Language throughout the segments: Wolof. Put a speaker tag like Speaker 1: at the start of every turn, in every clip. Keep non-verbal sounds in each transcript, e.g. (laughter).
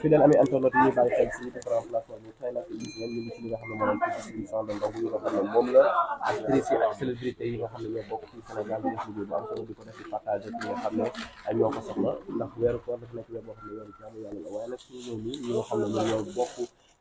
Speaker 1: fi leen amee internet yi ñuy bàyyi xel si différentes plateformes yi tey nag gis la distribution de ndogu yi nga xam ne moom la actrices yi yi nga xam ne ñoo bokk ci Sénégal di def liggéey bu am solo di ko nga xam ne ñoo ko soxla ndax weeru koor dafa nekk weer boo xam ne ñëw nii ñi nga xam ne ñoo bokk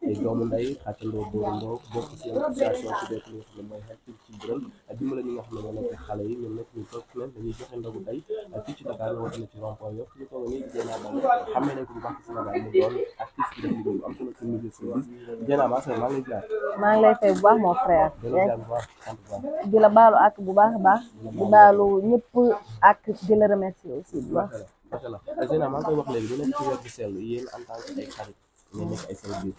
Speaker 1: ay doomu ndey xàccandoo dóorandoo bokk ci association si def nga xam ne mooy xeet gërëm dimbale ñi nga xam ne ñoo nekk xale yi ñoom nekk ñu toog ci dañuy joxe ndogu day fii ci Dakar woote na ci rond-point Yoff ñu toog nii Dieyna Ba xam nañ ko bu baax ci Sénégal mu doon artiste bi def am solo ci Ba maa ngi jaar maa ngi lay fay bu baax mon frère di
Speaker 2: la baalu ak bu baax a baax di baalu ñëpp ak di la remercier aussi bu baax
Speaker 1: macha allah Dieyna maa ngi wax ngeen def ay services yu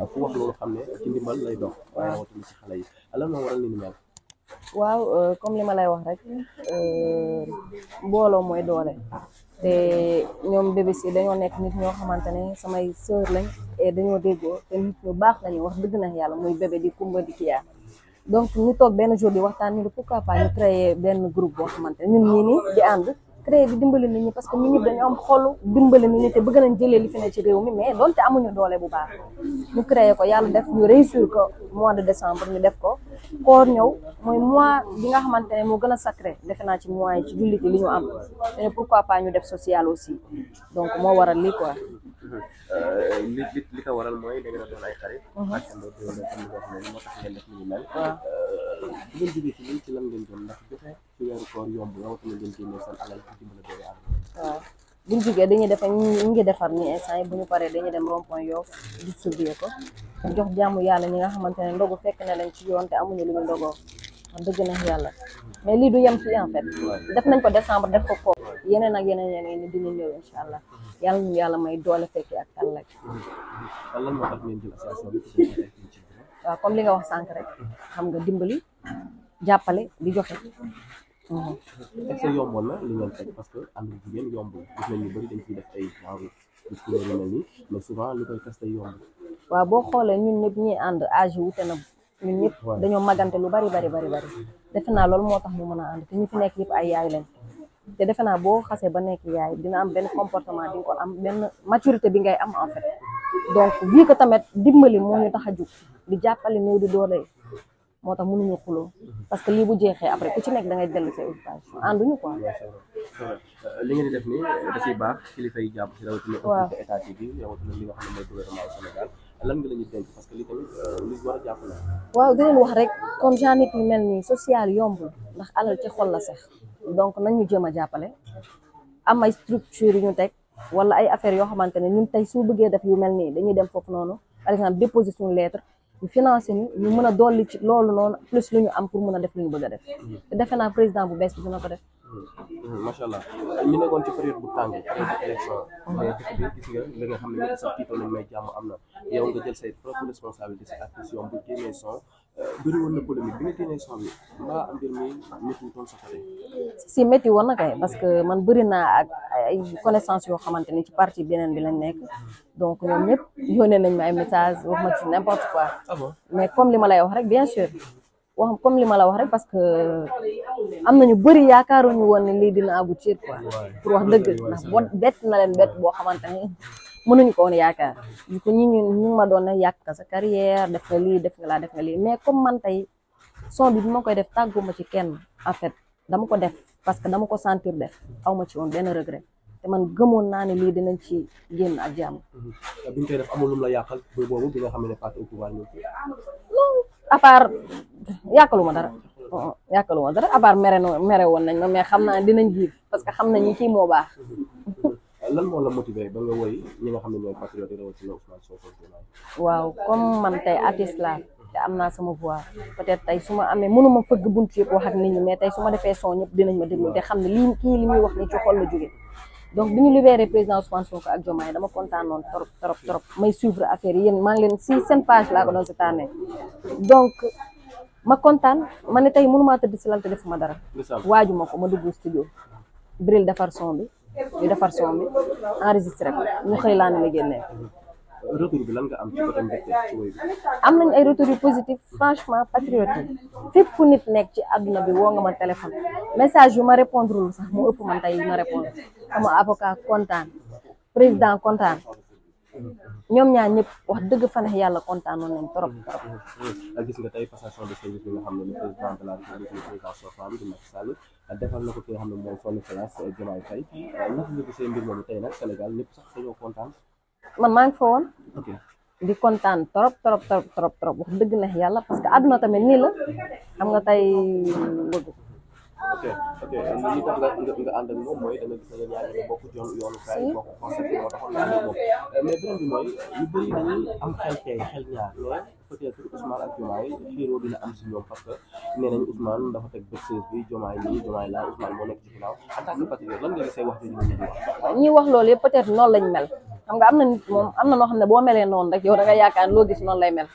Speaker 1: wax loolu xam ne ci ndimbal lay dox waaye rawatina ci xale
Speaker 2: waaw euh, comme li ma lay wax rek euh, mbooloo mooy doole te ñoom bébés yi dañoo nekk nit ñoo xamante ne samay sœur lañ dañoo déggoo te nit ñu baax lañu wax dëgg na yàlla muy bébé di kumba di kiyaa donc ñu toog benn jour di waxtaan ñu ne pourquoi pas ñu créer benn groupe boo xamante ne ñun ñii nii di ànd créer bi dimbali nit ñi parce que nit ñi dañu am xolu dimbali nit ñi te bëgg nañ jëlee li fi ne ci réew mi mais donte amuñu doole bu baax ñu créer ko yàlla def ñu réussir ko mois de décembre ñu def ko koor ñëw mooy mois bi nga xamante moo gën a sacré defe naa ci mois yi ci jullit yi li ñu am te pourquoi pas ñu def social aussi donc moo waral lii quoi
Speaker 1: Euh, li li li ko waral mooy da ngeen a doon ay xarit. Uh-huh. ak seen bopp yoo xam ne boo xam ne moo tax ngeen def li ñu mel. bu euh, ngeen jógee ci lii ci lan ngeen doon bu
Speaker 2: ñu jógee dañuy defar ñu ngi defar ñu instant yi bu ñu paree dañuy ñi nga xamante ne ndogu fekk na leen ci yoon te amuñu lu ñu ndogoo wax dëgg na yàlla mais lii du yem fii en fait def nañ ko décembre def ko ko yeneen ak yeneen yeneen di ñëw incha yàlla ñu may doole fekkee ak tal lañ.
Speaker 1: lan moo tax ngeen jël association
Speaker 2: comme li nga wax sànq rek xam nga dimbali jàppale di joxe.
Speaker 1: est-ce que yomboon na li ngeen teg parce que ànd bu jigéen yombul gis nañ ñu bëri dañ ciy def ay genre discours yu mel nii mais souvent lu koy testé
Speaker 2: waaw boo xoolee ñun ñëpp ñuy ànd âge wute na ñun ñëpp dañoo magante lu bari bari bari bari defe naa loolu moo tax ñu mën a ànd te ñu fi nekk yëpp ay yaay lañ. te defe naa boo xasee ba nekk yaay dina am benn comportement di ko am benn maturité bi ngay am en fait donc tamit dimbali moo ñu a jug di jàppale néew di doole moo tax mënuñu xuloo parce que lii bu jeexee après ku ci nekk da dell dellu sa éducation ànduñu
Speaker 1: euh, li ngeen baax kilifa yi jàpp waaw état bi rawatina li nga xam
Speaker 2: ne euh, wax rek comme mel nii social yombul ndax alal ci xol la seex donc nañ ñu jéem a jàppale am ay structure yu ñu teg wala ay affaires yoo xamante ne ñun tey suu bëggee def yu mel nii dañuy dem foofu noonu par exemple déposer suñu lettre ñu financé ñu ñu mën a dolli ci loolu noonu plus lu ñu am pour mun a def lu ñu bëgg a def mm-hmm. te defe naa président bu bees bi dina ko def
Speaker 1: Mm, macha allah ñu nekkoon ci période bu tàngee période xam ne may jàmm am na yow nga jël say propre responsabilité euh, sa action bu
Speaker 2: si métti woon na kay parce que man bëri naa ak ay connaissance yoo xamante ni ci parti beneen bi lañ nekk donc ñoom ñëpp yónnee nañ ma ay message wax ma ci n'importe quoi ah mais comme li ma lay wax rek bien sûr wax comme li ma la wax rek parce que am nañu bëri yaakaaruñu woon ne lii dina aboutir quoi pour wax dëgg ndax boo bett na leen bett boo xamante ni mënuñu ko woon yaakaar du ko ñu ñu ma doon na yàq sa carrière def nga lii def laa def lii mais comme man tey son bi bi ma koy def tàgguma ci kenn en fait dama ko def parce que dama ko sentir def aw ma ci woon benn regret te man gëmoon naa ne lii dinañ ci génn ak jàmm.
Speaker 1: Mm-hmm. bi ñu koy def amul lu mu la yàqal boobu bi
Speaker 2: nga yàkkaluma dara oh, yàkkaluma dara abaar mere mere woon nañ ma mais xam naa dinañ jiif parce que xam nañu kii moo baax (laughs)
Speaker 1: lan la motivé ba nga woy ñi nga xam ne ñooy patriote yi rawatina Ousmane Sonko
Speaker 2: waaw comme man tey artiste laa te am naa sama voix peut-être tey su ma amee mënuma fëgg bunt yëpp wax ak nit ñi mais tey su ma defee son ñëpp dinañ ma déglu te xam ne lii kii li muy wax ni ci xol la jóge donc bi ñu président Ousmane ak Diomaye dama kontaan noonu trop trop trop may suivre affaire yi yéen maa ngi leen si seen page laa ko doon si tànnee donc ma kontaan ma ne tey mënumaa tëdd si lal te defuma dara. waaju ma ko ma dugg studio. Bril defar son bi ñu defar son bi enregistré ko ñu xëy laa ne ma
Speaker 1: am ci côté nañ
Speaker 2: ay retours yu positif franchement patriote yi fépp ku nit nekk ci àdduna bi woo nga ma téléphone message yu ma répondre sax mu ëpp man tey ma répondre sama avocat kontaan président kontaan. ñoom ñaar ñëpp wax dëgg fa neex yàlla kontaanoon nañ trop
Speaker 1: mm-hmm. trop. Mm-hmm. gis nga tey passation de service bi nga de la république le président sortant di Macky Sall defal na ko ki nga xam ne eh, euh,
Speaker 2: maa ngi fa di kontaan trop trop trop trop trop wax dëgg neex yàlla parce que àdduna tamit nii la xam nga tey.
Speaker 1: ok ok li tax nga ànd ak moom mooy da nga gis ne yéen ñaar bokk yoonu yoonu kaay bokk concept moo taxoon nga euh, am si ñoom parce que nee nañ Ousmane dafa teg bët bi Diomaye nii Diomaye laa Ousmane moo wax
Speaker 2: ñu wax. loolu yëpp peut noonu lañ mel xam nga am na nit moom am na noo xam ne boo melee noonu rek yow da nga yaakaar loo gis noonu lay mel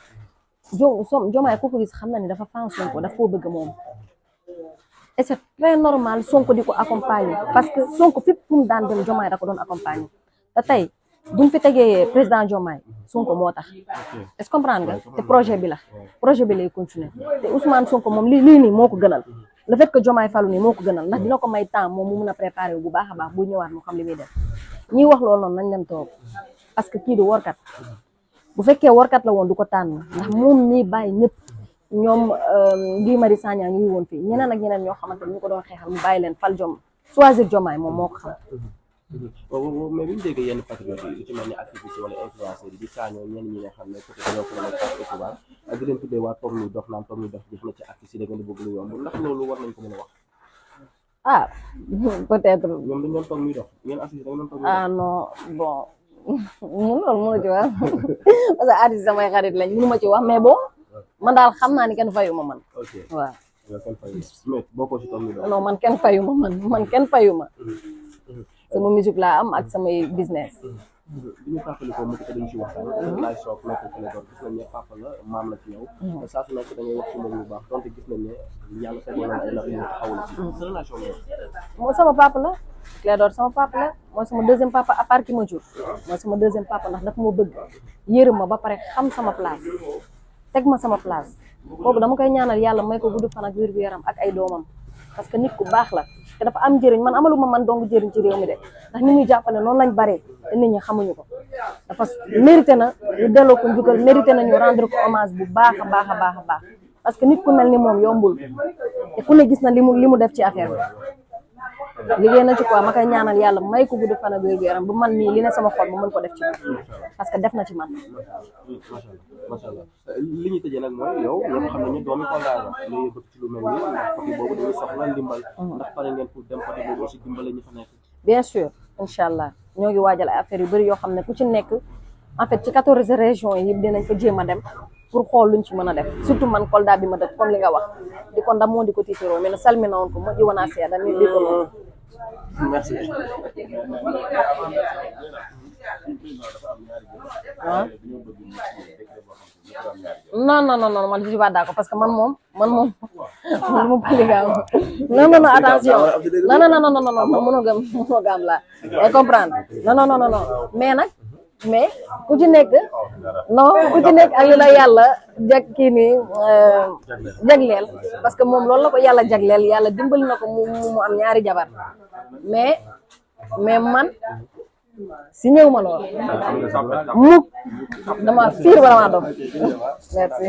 Speaker 2: jo som Diomaye ku xam na ni dafa fan Sonko daf koo bëgg moom et c'est très normal Sonko di ko accompagner parce que Sonko fépp fu mu daan dem da ko doon accompagner te tey buñ fi tegee président Diomaye Sonko moo tax est-ce que projet bi la projet bi lay continuer te Ousmane Sonko moom li lii nii moo ko gënal le fait que Diomaye falu nii moo ko gënal ndax dina ko may temps moom mu mun a préparer bu baax a baax bu ñëwaat mu xam li muy def ñiy wax loolu noonu nañ dem toog parce que kii du workat bu fekkee workat la woon du ko tànn ñoom euh, Guy Marius Sagna ñu ngi woon fii ñeneen ak ñeneen ñoo xamante ni ñu ko doon xeexal mu bàyyi leen fal jom choisir jomaay moom moo ko xam.
Speaker 1: waaw mais bi ñu déggee yenn patriotes yi ci mel ni activiste wala influenceurs yi di saañoo ñenn a tax xibaar dox naan toog ñuy dox ci activiste lu yomb a wax.
Speaker 2: ah (laughs) peut être. ñoom dañu doon toog ñuy dox
Speaker 1: ñenn activiste dañu doon dox. Ah,
Speaker 2: (laughs) ci wax (laughs) parce que artiste samay xarit lañ mënu ci wax mais bon. man daal xam naa ni kenn fayu ma man.
Speaker 1: ok waaw. non
Speaker 2: man kenn fayu ma man man kenn fayu ma. Mm-hmm. Mm-hmm. sama musique laa am ak samay business. bi mm-hmm.
Speaker 1: ñu fàttali ko moom dañ ci waxtaan. laay soog nekk ci nekkoon gis nañ ne papa baax la ñu xawal sa relation
Speaker 2: moo sama papa la Clédor sama papa la mooy sama deuxième papa à ki ma jur mooy sama deuxième papa ndax daf ma bëgg yërëm ma ba pare xam sama place teg ma sama place boobu dama koy ñaanal yàlla may ko gudd fan ak wér yaram ak ay doomam parce que nit ku baax la te dafa am njëriñ man amalu ma man dong jëriñ ci réew mi de ndax nit ñuy jàppale noonu lañ baree te nit ñi xamuñu ko dafa mérité na ñu delloo ko njukkal mérité na ñu rendre ko hommage bu baax a baax a baax a baax parce que nit ku mel ni moom yombul te ku ne gis na li mu li mu def ci affaire bi liggéey na ci quoi ma koy ñaanal yàlla may ko gudd fan ak wér gu yaram bu man nii li ne sama xol mu mën ko def ci man parce que def na ci man. macha allah
Speaker 1: li ñu ne ñu doomi Kolda la ñu bëgg ci mhm.
Speaker 2: bien sûr incha ñoo ngi waajal ay affaires yu bëri yoo xam ne ku ci nekk en fait ci quatorze région yi yëpp dinañ fa jéem a dem pour xool luñ ci mën a def surtout man Kolda bi ma def comme li nga wax di ko ndamoo di ko tiitaroo mais salminawoon ko mo ƴiwonaa seeɗa min mbi ko noon merci. non non non man je suis pas d'accord parce que man moom man moom man moom polygame non non non attention non non non non non non mënoo gëm mënoo gëm laa comprendre non non non non mais nag. mais ku ci nekk non ku ci nekk ak li la yàlla jag kii nii euh, parce que moom loolu la ko yàlla jagleel yàlla dimbali na ko mu mu am ñaari jabar mais mais man si ñëw ma lool mukk dama fiir ba dama dof merci